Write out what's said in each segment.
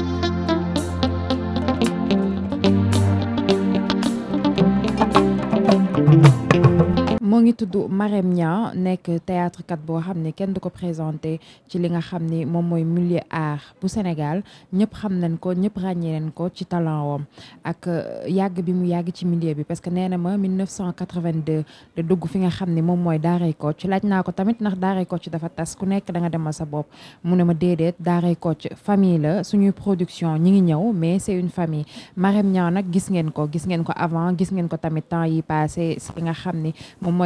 thank you moo ngi tudd Marème Niang nek théâtre kat bo xamné kenn duko présenter présenté ci li nga xamné mom moy milieu art bu Sénégal ñëpp xam nañ ko ñëpp ràññee nañ ko ci talent wam ak euh, yag bi mu yag ci milieu bi parce que néna na ma 1982 le dugg fi nga xamné mom moy mooy Daaray Kocc laaj naa ko tamit ndax Daaray coach. dafa tas ku nek da nga demal sa bop mu ne ma déedéet Daaray Kocc famille la suñu production ñi ngi ñëw mais c'est une famille Marème Niang nag gis ngeen ko gis ngeen ko avant gis ngeen ko tamit temps yi passé ci nga xamné mom moom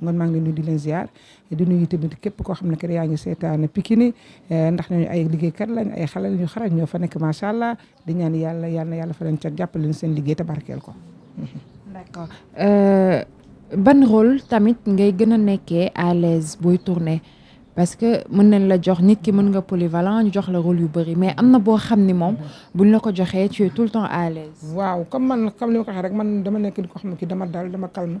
man maa ngi leen di leen ziar di nuyu tamit képp koo xam ne kat yaa ngi seetaan Pikini eh, ndax ñooñu ay liggéeykat lañ ay xale ñu xarañ ñoo fa nekk macha allah di ñaan yàlla yàlla na yàlla fa leen cat jàppale leen seen liggéey te barkeel ko. d'accord euh, ban rôle tamit ngay gën a nekkee à l'aise booy tourner parce que mën nañ la jox nit ki mën nga polyvalent ñu jox la rôle yu bëri mais am na boo xam ni moom mhm. buñ la ko joxee tu es tout le temps à l'aise. waaw comme man comme li ma ko waxee rek man dama nekk di ko xam ne ki dama dal dama calme.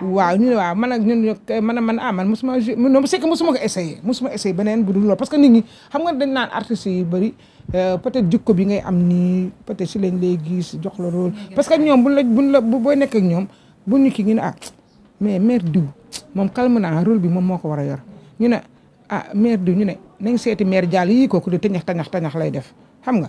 waaw ñu ne waaw man ak ñun man man ah man musuma non c'est que musuma ko essayer musuma essayer benen bu dul loolu parce que nit ñi xam nga dañ naan artistes yu euh peut-être jikko bi ngay am ni peut-être ci lañ lay gis jox la rôle parce que ñom buñ la buñ la boy nek ak ñom buñ ñu ki ngi ah mais mère du mom calme na rôle bi mom moko wara yor ñu ne ah mère du ñu ne nañ séti mère Diallo yii kooku de tañax tañax tañax lay def xam nga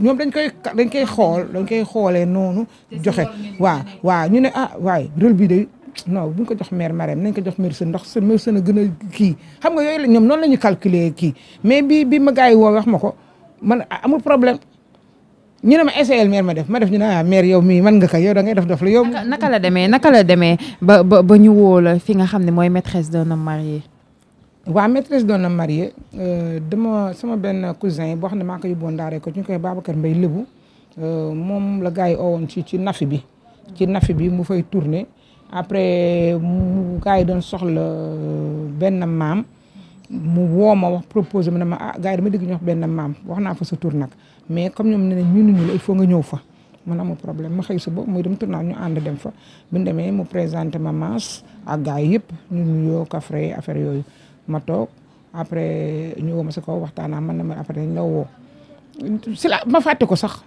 ñom dañ koy dañ koy xol dañ koy xolé nonu joxe wa wa ñu ne ah way rôle bi de non bu ñu ko jox mère Marème nañ ko jox mère Sën ndax mère Sën a gën a kii xam nga yooyu la ñoom noonu la ñu calculer kii mais bi bi ma gars yi wax ma ko man ah, amul problème ñu ne ma essayé mère ma def ma def ñu ne ah mère yow mii mën nga ko yow da def daf la yow. naka la demee naka la demee ba ba ba ñu woo la fi nga xam ne mooy maîtresse d'un homme marié. waaw maîtresse d'un homme marié euh, dama sama benn cousin boo xam ne maa ko yóbbuwoon daaree ko ñu koy Babacar Mbaye Lébu euh, moom la gars yi woon ci ci nafi bi ci nafi bi mu fay tourné. après mu gars yi doon soxla euh, benn maam mu woo ma wax proposé mu ne ma ah gars yi dama dégg ñu wax benn maam wax naa fa sa tur nag mais comme ñoom nee nañ ñu la i faut nga ñëw fa man amul problème ma xëy suba muy dem tournage ñu ànd dem fa bu ñu demee mu présenté ma maas ak yi yëpp ñu nuyoo kafre yooyu ma toog après ñu woo ma si kaw waxtaan man na ma après dañ la woo la ma fàtte ko sax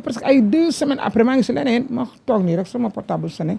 parce que ay deux semaines après maa ngi si leneen ma toog nii rek sama portable sene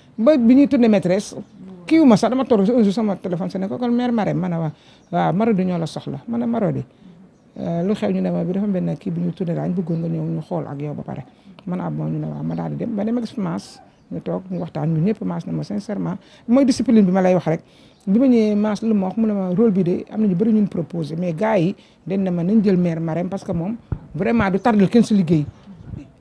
ba bi ñuy tourné maîtresse kiiwu ma sax dama toog un jour sama téléphone si ne ko kon mère Marème ma ne waaw waaw ñoo la soxla ma ne Marodi euh, lu xew ñu ne ma bi kii bi ñu tourné daañ bëggoon nga xool ak yow ba pare man ab moom ñu ne waaw ma maas ñu toog ñu waxtaan ñu ñëpp maas na ma sincèrement mooy discipline bi ma lay wax rek bi ma ñëwee maas lu ma mu ne ma rôle bi de am na ñu bëri ñun proposé mais gars yi den na ma nañ jël mère Marème parce que moom vraiment du tardel kenn si liggéey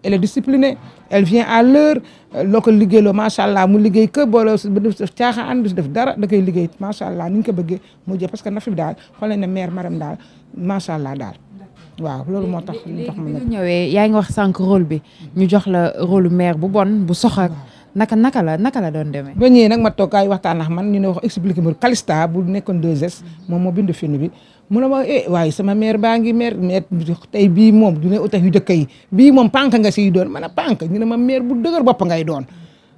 elle est disciplinée elle vient à l'heure loo ko liggéeyloo macha allah mu liggéey kër boole si ba def caaxaan def dara da koy liggéey macha allah ni ñu ko bëggee mu jël parce que Nafis daal xool nañ ne mère Marème daal macha allah daal. waaw loolu moo tax ñu jox ma ñëwee yaa ngi wax sànq rôle bi ñu jox la rôle maire bu bon bu soxor. naka naka la naka la don demé ba ñi nak ma toog ay waxtaan ak man ñu wax expliquer ma kalista bu nekkon 2S mom mo bind film bi mu ne wax eh way sama mère baangi mère mère tay bi mom du ne utax yu dëkk yi bi mom pank nga ci doon man pank ñu ne ma mère bu dëgër bop ngay doon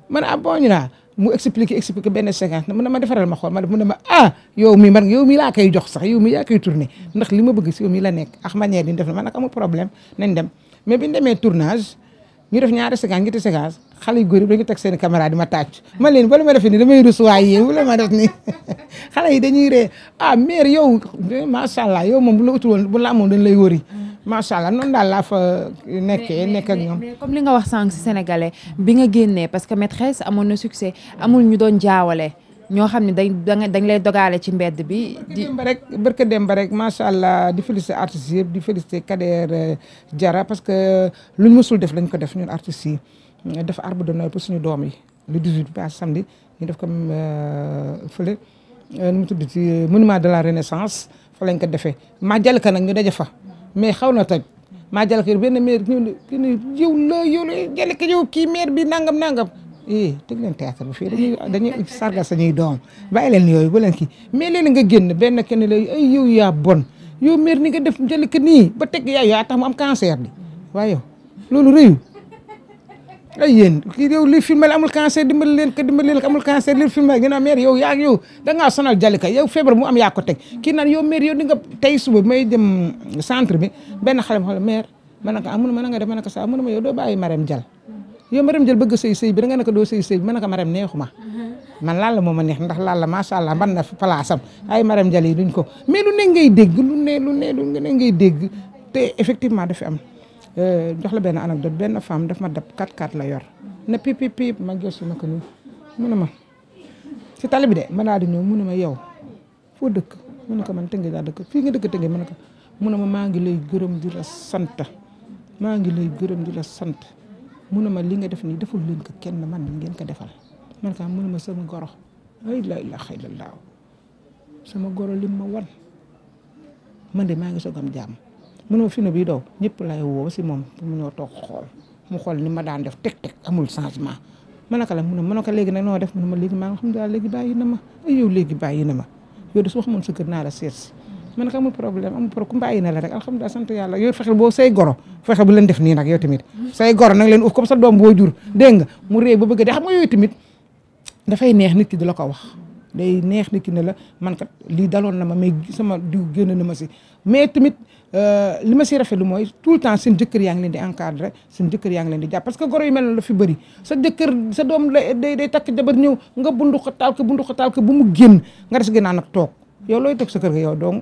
man a ah, bon na ah, mu expliquer expliquer ben séquence mu na ma défaral ma xol ma mu na ma ah yow mi man yow mi la kay jox sax yow mi ya kay tourner ndax lima bëgg ci yow mi la nekk ak manière di def na man nag amul problème nañ dem mais biñ démé tournage ñu def ñaari séquence ñetti séquence xale yu góor yi dañu teg seen caméra di ma tàcc man leen bala ma def ni damay rus waay yéen ma def ni yi dañuy ree ah mère yow macha allah yow moom bu la utul woon la amoon dañ lay wëri macha allah noonu daal laa fa nekkee nekk ak ñoom. comme li nga wax sànq si sénégalais bi nga génnee parce que maîtresse amoon na succès amul ñu doon jaawale. ñoo xam ne dañ dañ lay dogaale ci mbedd bi. di ba rek barke dem ba rek macha allah di féliciter artistes yëpp di féliciter Kader euh, Jara parce que lu mësul def lañ ko def ñun artistes yi def arbre de suñu doom yi le 18 ba samedi ñu def ko euh, fële euh, nu mu tudd ci monument de la renaissance fa lañ ko defee maa jàll ka nag ñu daje fa mais xaw na toj maa jàll ka benn maire ñëw na yow la yow la jàll ka kii maire bi nangam nangam. eh tëj leen théâtre bi fii dañuy dañuy sargal sañuy doom leen yooyu ba leen kii mais léegi nga génn benn kenn la ay bon yow meer ni nga def jëli que nii ba teg yaay yaa tax mu waaye loolu rëyu ay yéen li filmé la amul cancer leen ko leen ko amul cancer li filmé ngeen meer yow yaa yow da ngaa sonal Jalika yow feebar mu am yaa ko teg kii naan yow meer yow di nga tey suba may dem centre bi benn xale ma xool meer ma ne ko ah ma na nga def ma ne ko sax mun ma yow doo bàyyi Marème Jal yow ma jël bëgg sey sey bi da nga naka do sey sey sëy bi mën na ko ma dem man laal la moo ma neex ndax laal la sha allah mban na place am ay maram jali duñ ko mais lu ne ngay dégg lu ne lu ne lu ne ngay dégg té effectivement dafa am euh jox la benn anecdote ben femme daf ma dab 4-4 la yor na pip pip pip ma gëstu nak ni nii mu ne ma si tali bi de ma di ñëw mu ma yow fo dëkk mu ko man tënge da dëkk fi nga dëkk tënge mu ne ko mu ne ma ngi lay gëreum di la sante ma ngi lay gëreum di la sante mun na ma lii nga def nii deful leen ko kenn man ngeen ko defal man kaa mun na ma sama goro ay la ilaha illallah sama goro lim ma wan man de maa ngi soog am jàmm munoo fi ne bii daw ñëpp lay woo si moom pour munoo toog xool mu xool ni ma daan def teg teg amul changement. ma ne ko la mun a ma ne ko léegi nag noo def mun a ma léegi maa ngi xam daal léegi bàyyi na ma ay yow léegi bàyyi na ma yow de soo xamoon sa kër naa la seet si man nag problème am problème ku bàyyi na la rek alhamdulilah sante yalla yooyu fexel bo say goro fexel bu len def ni nak yow tamit say goro nak len uf comme sa dom bo jur deng mu reey ba beug de xam nga yooyu tamit fay neex nit ki di ko wax day neex nit ki ne la man kat li dalon na ma mais sama di génn na ma si mais tamit eh, li ma si rafetlu moy tout temps seen jëkkër yang len di encadrer seen jëkkër yang len di japp parce que goro yu mel la fi beuri sa jëkkër sa dom day day tak jabar ñew nga bundu xataal ko bundu xataal ko bu mu génn nga des gënaa nak tok yow loy tok sa kër ga yow dong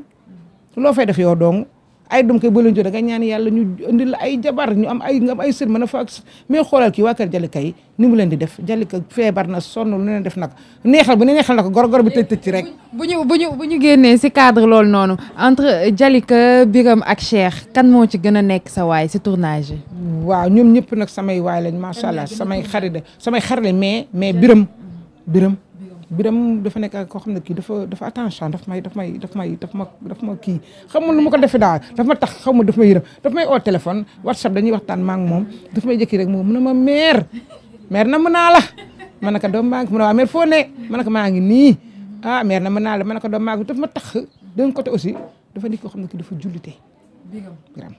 loo fay def yow dong ay doom kay ba leen jur nga ñaan yàlla ñu indi la ay jabar ñu am ay nga ay sër mën a fa mais xoolal kii waa kër Jalika yi ni mu leen di def Jalika feebar na sonn lu leen def nag neexal bu ne neexal na ko gor-gor bi tëj tëj ci rek. bu ñu bu ñu bu ñu génnee si cadre loolu noonu entre Jalika Biram ak Cheikh kan moo ci gën a nekk sa waay si tournage yi. waaw ñoom ñëpp nag samay waay lañ macha allah samay xarit samay xarit mais mais Biram Biram. biram dafa nekk koo xam ne kii dafa dafa attention daf may daf may daf may daf ma daf ma kii xam ma nu ma ko defee daal daf ma tax xaw ma daf ma yërëm may oo téléphone whatsapp dañuy waxtaan maa ngi moom daf may jëkki rek moom mu ne ma mère mère na mën naa la ma ne ko doom maa ngi mu ne waa foo ne ma ne ko maa ngi nii ah na mën naa la ma ne ko doom maa ngi daf ma tax d'un côté aussi dafa nit koo xam ne kii dafa jullite biram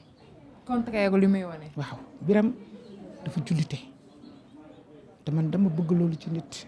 contraire li muy wane waaw biram dafa jullite te man dama bëgg loolu ci nit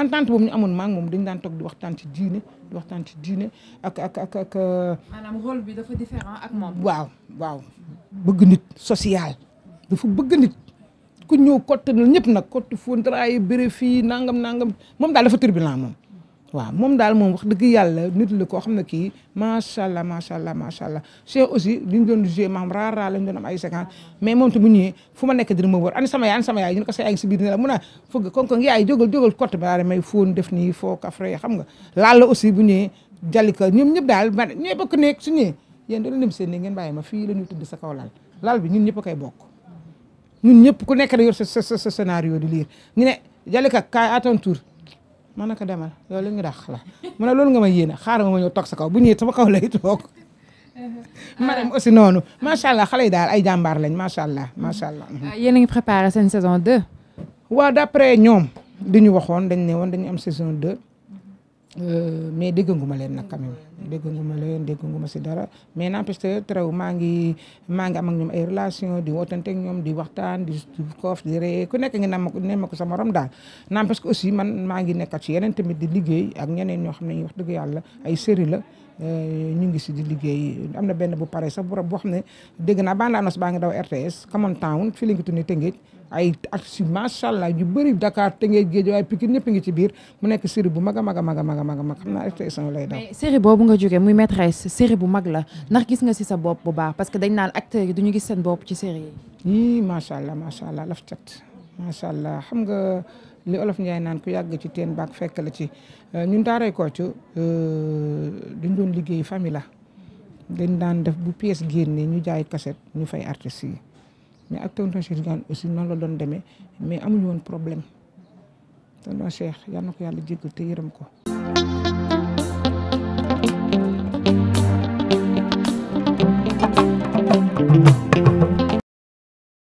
entente boobu ñu amoon maa ngi moom dañu daan toog di waxtaan ci diine di waxtaan ci diine ak ak ak ak. maanaam bi dafa différent ak moom. waaw waaw bëgg nit social dafa bëgg nit ku ñëw kottanal ñëpp nag kottu Fontaraayu béré fii nangam nangam moom daal dafa turbulent moom. waaw moom daal moom wax dëgg yàlla nit la koo xam ne kii macha allah macha allah macha allah Cheikh aussi li ñu doon joué maam raar raar lañ doon am ay séquence mais moom te bu ñëwee fu ma nekk dina ma wër ani sama yaay ani sama yaay ñu ne ko sa yaay si biir dina la mun a fëgg kon kon yaay jógal jógal côté ba daal may fóon def nii foo kafre xam nga laal la aussi bu ñëwee jalika ñoom ñëpp daal man ñooy bokk nekk su ñëwee yéen doo leen dem seen ne ngeen bàyyi ma fii la ñuy tudd sa kaw laal laal bi ñun ñëpp a koy bokk ñun ñëpp ku nekk da yor sa sa sa scénario di lire ñu ne jalika kaay à ton tour mën na ko demal loolu ñu dàq la mu ne loolu nga ma yéene xaaral ma ñëw toog sa kaw bu ñëwee sama kaw lay toog. madame aussi noonu macha allah xale yi daal ay jàmbaar lañ macha allah macha allah. Euh, yéen a ngi préparé seen saison 2. waaw d' après ñoom di ñu waxoon dañ ne woon dañu am saison 2. Euh, mais dégganguma leen nag quand même dégganguma leen dégganguma si dara mais n'empêche que terew maa ngi maa ngi am ak ay relation di wootante ñoom di waxtaan di koof di ree ku na ma ko ne ma ko sa morom daal n'empêche que aussi man maa ngi nekkat ci yeneen tamit di liggéey ak ñeneen ñoo xam ne wax dëgg yàlla ay série la euh, ñu ngi si di liggéey am na benn bu pare sax bu boo xam ne dégg naa bande annonce baa ngi daw RTS Common Town fii la ñu ko ay taxi macha allah yu bëri Dakar Tëngéej géej waaye Pikine ñëpp ngi ci biir mu nekk série bu mag a mag a mag mag a mag a mag xam naa RTS1 lay daw. mais boobu nga jógee muy maîtresse série bu mag la ndax gis nga si sa bopp bu baax parce que dañ naan acteurs yi duñu gis seen bopp ci série yi. macha allah macha allah laf cat macha allah xam nga li olof Ndiaye naan ku yàgg ci teen baak fekk la ci euh, ñun daaray Kocc euh, duñ doon liggéey famille la dañ daan def bu pièce génnee ñu jaay cassette ñu fay artistes mais ak tonton Cheikh Diagne aussi noonu la doon demee mais amuñu woon problème tonton Cheikh yal na ko yàlla jéggal te yërëm ko.